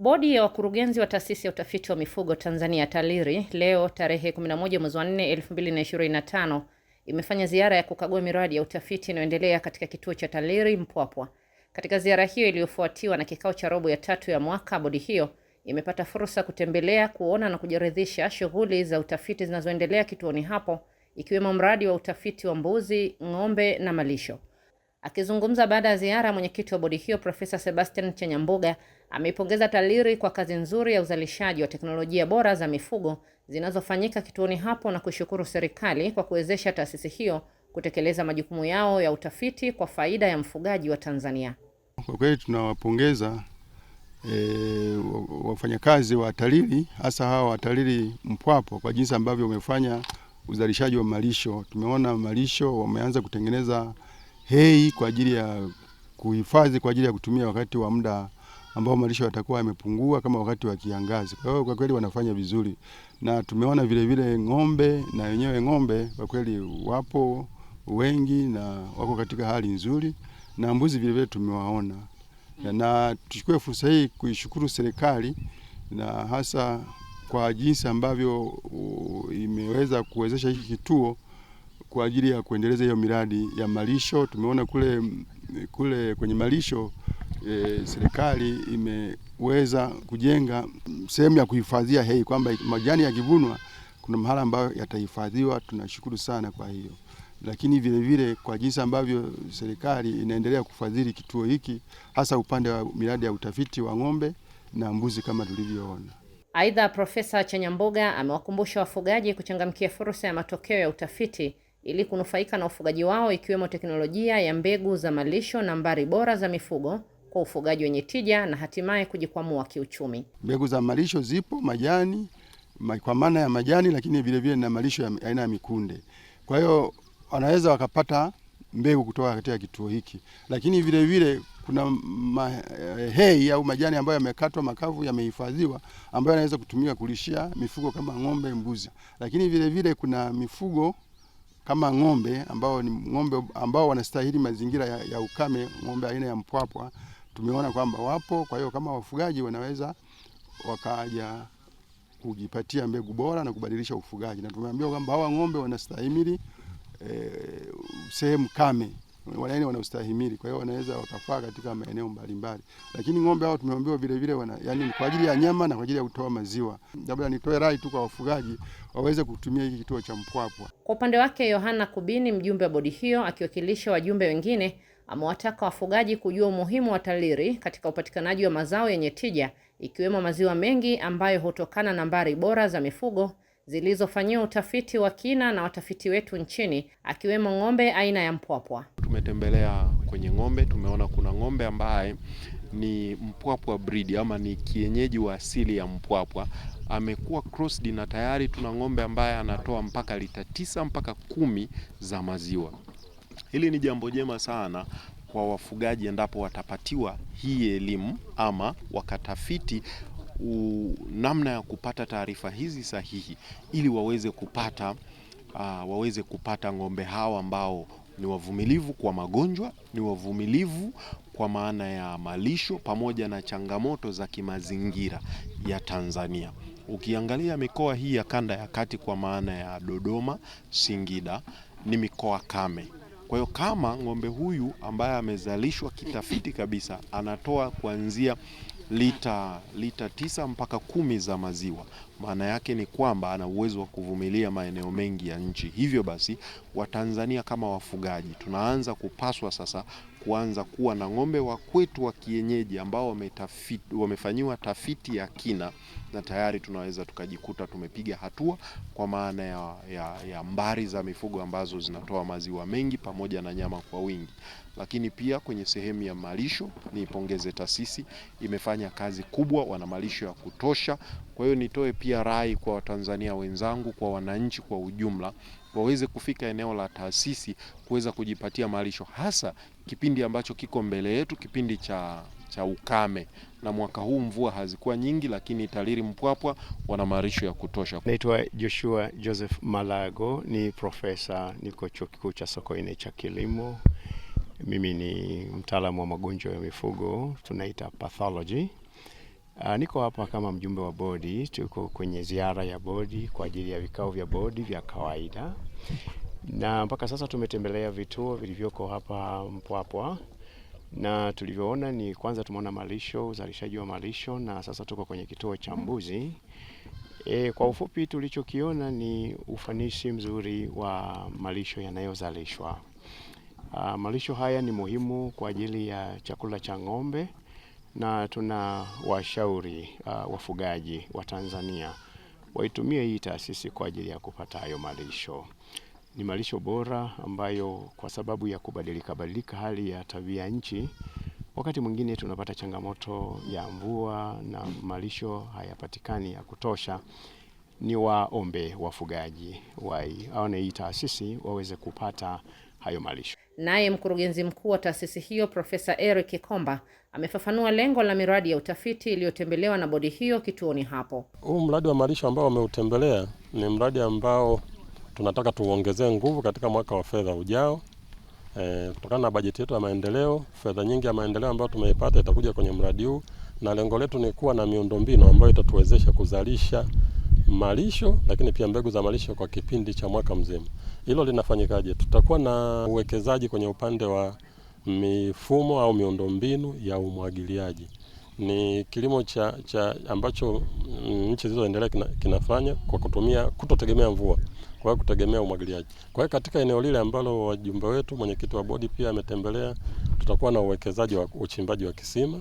Bodi ya wakurugenzi wa taasisi ya utafiti wa mifugo Tanzania TALIRI leo tarehe 11 mwezi wa 4 2025 imefanya ziara ya kukagua miradi ya utafiti inayoendelea katika kituo cha TALIRI Mpwapwa. Katika ziara hiyo iliyofuatiwa na kikao cha robo ya tatu ya mwaka, bodi hiyo imepata fursa kutembelea, kuona na kujiridhisha shughuli za utafiti zinazoendelea kituoni hapo, ikiwemo mradi wa utafiti wa mbuzi, ng'ombe na malisho. Akizungumza baada ya ziara, mwenyekiti wa bodi hiyo Profesa Sebastian Chenyambuga ameipongeza TALIRI kwa kazi nzuri ya uzalishaji wa teknolojia bora za mifugo zinazofanyika kituoni hapo na kushukuru serikali kwa kuwezesha taasisi hiyo kutekeleza majukumu yao ya utafiti kwa faida ya mfugaji wa Tanzania. Kwa kweli tunawapongeza e, wafanyakazi wa TALIRI hasa hawa wa TALIRI Mpwapo kwa jinsi ambavyo wamefanya uzalishaji wa malisho. Tumeona malisho wameanza kutengeneza hei kwa ajili ya kuhifadhi kwa ajili ya kutumia wakati wa muda ambao malisho yatakuwa yamepungua kama wakati wa kiangazi. Kwa hiyo kwa kweli wanafanya vizuri, na tumeona vile vile ng'ombe na wenyewe ng'ombe kwa kweli wapo wengi na wako katika hali nzuri, na mbuzi vile vile tumewaona, na tuchukue fursa hii kuishukuru serikali na hasa kwa jinsi ambavyo imeweza kuwezesha hiki kituo kwa ajili ya kuendeleza hiyo miradi ya malisho. Tumeona kule, kule kwenye malisho e, serikali imeweza kujenga sehemu ya kuhifadhia hei kwamba majani yakivunwa kuna mahala ambayo yatahifadhiwa. Tunashukuru sana kwa hiyo, lakini vilevile vile kwa jinsi ambavyo serikali inaendelea kufadhili kituo hiki hasa upande wa miradi ya utafiti wa ng'ombe na mbuzi kama tulivyoona. Aidha, Profesa Chanyamboga amewakumbusha wafugaji kuchangamkia fursa ya matokeo ya utafiti ili kunufaika na ufugaji wao ikiwemo teknolojia ya mbegu za malisho na mbari bora za mifugo kwa ufugaji wenye tija na hatimaye kujikwamua kiuchumi. Mbegu za malisho zipo majani kwa maana ya majani, lakini vile vile na malisho ya aina ya mikunde. Kwa hiyo wanaweza wakapata mbegu kutoka katika kituo hiki, lakini vile vile kuna hei eh, au majani ambayo yamekatwa makavu yamehifadhiwa, ambayo yanaweza kutumika kulishia mifugo kama ng'ombe, mbuzi, lakini vile vile kuna mifugo kama ng'ombe ambao ni ng'ombe ambao wanastahili mazingira ya, ya ukame, ng'ombe aina ya mpwapwa tumeona kwamba wapo. Kwa hiyo kama wafugaji wanaweza wakaja kujipatia mbegu bora na kubadilisha ufugaji, na tumeambiwa kwamba hawa ng'ombe wanastahimili e, sehemu kame wanaene yaani wanaostahimili, kwa hiyo wanaweza wakafaa katika maeneo mbalimbali, lakini ng'ombe hao tumeambiwa vile vile wana yani kwa ajili ya nyama na kwa ajili ya kutoa maziwa. Labda nitoe rai tu kwa wafugaji waweze kutumia hiki kituo cha Mpwapwa. Kwa upande wake, Yohana Kubini, mjumbe wa bodi hiyo, akiwakilisha wajumbe wengine, amewataka wafugaji kujua umuhimu wa TALIRI katika upatikanaji wa mazao yenye tija, ikiwemo maziwa mengi ambayo hutokana na mbari bora za mifugo zilizofanyiwa utafiti wa kina na watafiti wetu nchini, akiwemo ng'ombe aina ya mpwapwa. Tumetembelea kwenye ng'ombe, tumeona kuna ng'ombe ambaye ni mpwapwa breed ama ni kienyeji wa asili ya mpwapwa amekuwa crossed na tayari tuna ng'ombe ambaye anatoa mpaka lita tisa mpaka kumi za maziwa. Hili ni jambo jema sana kwa wafugaji endapo watapatiwa hii elimu ama wakatafiti u, namna ya kupata taarifa hizi sahihi ili waweze kupata uh, waweze kupata ng'ombe hawa ambao ni wavumilivu kwa magonjwa, ni wavumilivu kwa maana ya malisho pamoja na changamoto za kimazingira ya Tanzania. Ukiangalia mikoa hii ya kanda ya kati kwa maana ya Dodoma, Singida ni mikoa kame. Kwa hiyo kama ng'ombe huyu ambaye amezalishwa kitafiti kabisa anatoa kuanzia lita, lita tisa mpaka kumi za maziwa. Maana yake ni kwamba ana uwezo wa kuvumilia maeneo mengi ya nchi. Hivyo basi, Watanzania kama wafugaji tunaanza kupaswa sasa kuanza kuwa na ng'ombe wa kwetu wa kienyeji ambao wamefanyiwa tafiti ya kina, na tayari tunaweza tukajikuta tumepiga hatua kwa maana ya, ya, ya mbari za mifugo ambazo zinatoa maziwa mengi pamoja na nyama kwa wingi. Lakini pia kwenye sehemu ya malisho niipongeze taasisi, imefanya kazi kubwa, wana malisho ya kutosha. Kwa hiyo nitoe pia rai kwa Watanzania wenzangu, kwa wananchi kwa ujumla waweze kufika eneo la taasisi kuweza kujipatia malisho hasa kipindi ambacho kiko mbele yetu, kipindi cha, cha ukame, na mwaka huu mvua hazikuwa nyingi, lakini TARIRI Mpwapwa wana marisho ya kutosha. Naitwa Joshua Joseph Malago, ni profesa, niko chuo kikuu cha Sokoine cha kilimo. Mimi ni mtaalamu wa magonjwa ya mifugo tunaita pathology. Uh, niko hapa kama mjumbe wa bodi. Tuko kwenye ziara ya bodi kwa ajili ya vikao vya bodi vya kawaida na mpaka sasa tumetembelea vituo vilivyoko hapa Mpwapwa na tulivyoona ni kwanza, tumeona malisho, uzalishaji wa malisho, na sasa tuko kwenye kituo cha mbuzi. E, kwa ufupi tulichokiona ni ufanisi mzuri wa malisho yanayozalishwa. malisho haya ni muhimu kwa ajili ya chakula cha ng'ombe na tuna washauri wafugaji wa Tanzania waitumie hii taasisi kwa ajili ya kupata hayo malisho ni malisho bora ambayo kwa sababu ya kubadilika badilika hali ya tabia nchi, wakati mwingine tunapata changamoto ya mvua na malisho hayapatikani ya kutosha. Ni waombe wafugaji au hii taasisi waweze kupata hayo malisho. Naye mkurugenzi mkuu wa taasisi hiyo Profesa Eric Komba amefafanua lengo la miradi ya utafiti iliyotembelewa na bodi hiyo kituoni hapo. Huu mradi wa malisho ambao wameutembelea ni mradi ambao tunataka tuongezee nguvu katika mwaka wa fedha ujao. E, kutokana na bajeti yetu ya maendeleo, fedha nyingi ya maendeleo ambayo tumeipata itakuja kwenye mradi huu, na lengo letu ni kuwa na miundombinu ambayo itatuwezesha kuzalisha malisho lakini pia mbegu za malisho kwa kipindi cha mwaka mzima. Hilo linafanyikaje? Tutakuwa na uwekezaji kwenye upande wa mifumo au miundombinu ya umwagiliaji ni kilimo cha, cha ambacho mm, nchi zilizoendelea kina, kinafanya kwa kutumia kutotegemea mvua, kwa kutegemea umwagiliaji. Kwa hiyo katika eneo lile ambalo wajumbe wetu, mwenyekiti wa bodi pia ametembelea, tutakuwa na uwekezaji wa uchimbaji wa kisima,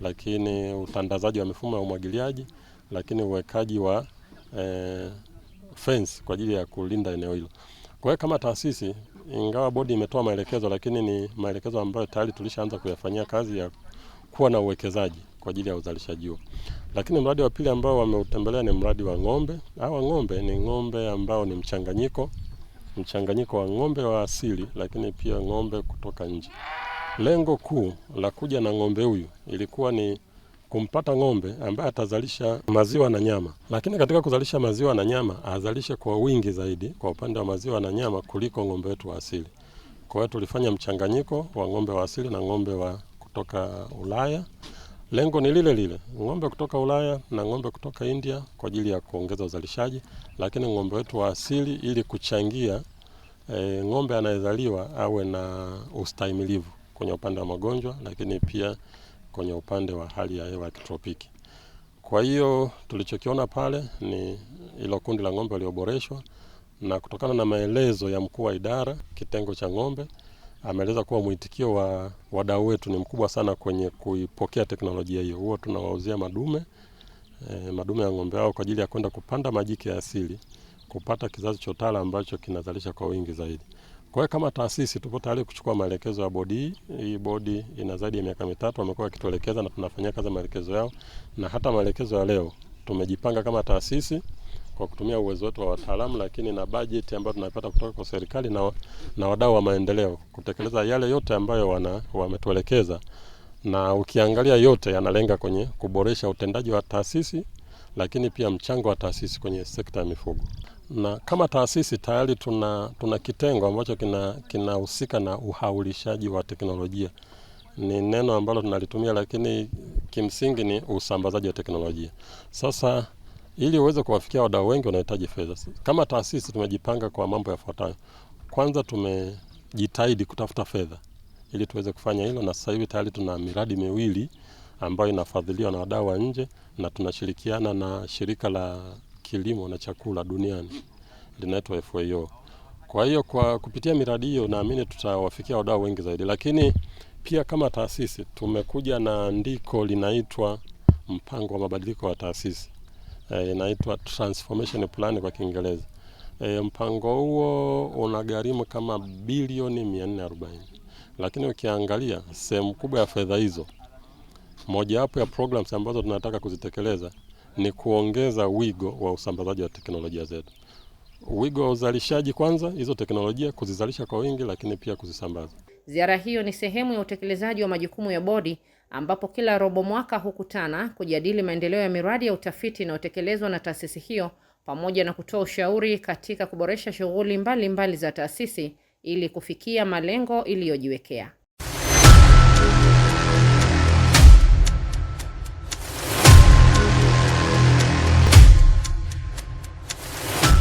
lakini utandazaji wa mifumo ya umwagiliaji, lakini uwekaji wa eh, fence kwa ajili ya kulinda eneo hilo. Kwa hiyo kama taasisi, ingawa bodi imetoa maelekezo, lakini ni maelekezo ambayo tayari tulishaanza kuyafanyia kazi ya kuwa na uwekezaji kwa ajili ya uzalishaji huo. Lakini mradi wa pili ambao wameutembelea ni mradi wa ng'ombe. Hawa ng'ombe ni ng'ombe ambao ni mchanganyiko mchanganyiko wa ng'ombe wa asili lakini pia ng'ombe kutoka nje. Lengo kuu la kuja na ng'ombe huyu ilikuwa ni kumpata ng'ombe ambaye atazalisha maziwa na nyama, lakini katika kuzalisha maziwa na nyama azalishe kwa wingi zaidi kwa upande wa maziwa na nyama kuliko ng'ombe wetu wa asili. Kwa hiyo tulifanya mchanganyiko wa ng'ombe wa asili na ng'ombe wa kutoka Ulaya. Lengo ni lile lile, ng'ombe kutoka Ulaya na ng'ombe kutoka India kwa ajili ya kuongeza uzalishaji, lakini ng'ombe wetu wa asili ili kuchangia e, ng'ombe anayezaliwa awe na ustahimilivu kwenye upande wa magonjwa, lakini pia kwenye upande wa hali ya hewa ya kitropiki. Kwa hiyo tulichokiona pale ni ilo kundi la ng'ombe walioboreshwa, na kutokana na maelezo ya mkuu wa idara kitengo cha ng'ombe ameeleza kuwa mwitikio wa wadau wetu ni mkubwa sana kwenye kuipokea teknolojia hiyo. Huwa tunawauzia madume e, madume ya ng'ombe wao kwa ajili ya kwenda kupanda majike ya asili kupata kizazi chotala ambacho kinazalisha kwa wingi zaidi. Kwa hiyo kama taasisi tupo tayari kuchukua maelekezo ya bodi hii. Hii bodi ina zaidi ya miaka mitatu, wamekuwa wakituelekeza na tunafanyia kazi maelekezo yao, na hata maelekezo ya leo tumejipanga kama taasisi kwa kutumia uwezo wetu wa wataalamu, lakini na bajeti ambayo tunapata kutoka kwa serikali na, na wadau wa maendeleo kutekeleza yale yote ambayo wana wametuelekeza, na ukiangalia yote yanalenga kwenye kuboresha utendaji wa taasisi, lakini pia mchango wa taasisi kwenye sekta ya mifugo. Na kama taasisi tayari tuna, tuna kitengo ambacho kinahusika kina na uhaulishaji wa teknolojia. Ni neno ambalo tunalitumia, lakini kimsingi ni usambazaji wa teknolojia. Sasa ili uweze kuwafikia wadau wengi, unahitaji fedha. Kama taasisi tumejipanga kwa mambo yafuatayo. Kwanza, tumejitahidi kutafuta fedha ili tuweze kufanya hilo, na sasa hivi tayari tuna miradi miwili ambayo inafadhiliwa na wadau wa nje na tunashirikiana na shirika la kilimo na chakula duniani linaitwa FAO. Kwa hiyo kwa kupitia miradi hiyo naamini tutawafikia wadau wengi zaidi, lakini pia kama taasisi tumekuja na andiko linaitwa mpango wa mabadiliko wa taasisi eh, inaitwa transformation plan kwa Kiingereza. Eh, mpango huo unagharimu kama bilioni 440, lakini ukiangalia sehemu kubwa ya fedha hizo, mojawapo ya programs ambazo tunataka kuzitekeleza ni kuongeza wigo wa usambazaji wa teknolojia zetu, wigo wa uzalishaji kwanza, hizo teknolojia kuzizalisha kwa wingi, lakini pia kuzisambaza. Ziara hiyo ni sehemu ya utekelezaji wa majukumu ya bodi ambapo kila robo mwaka hukutana kujadili maendeleo ya miradi ya utafiti inayotekelezwa na taasisi hiyo pamoja na kutoa ushauri katika kuboresha shughuli mbalimbali za taasisi ili kufikia malengo iliyojiwekea.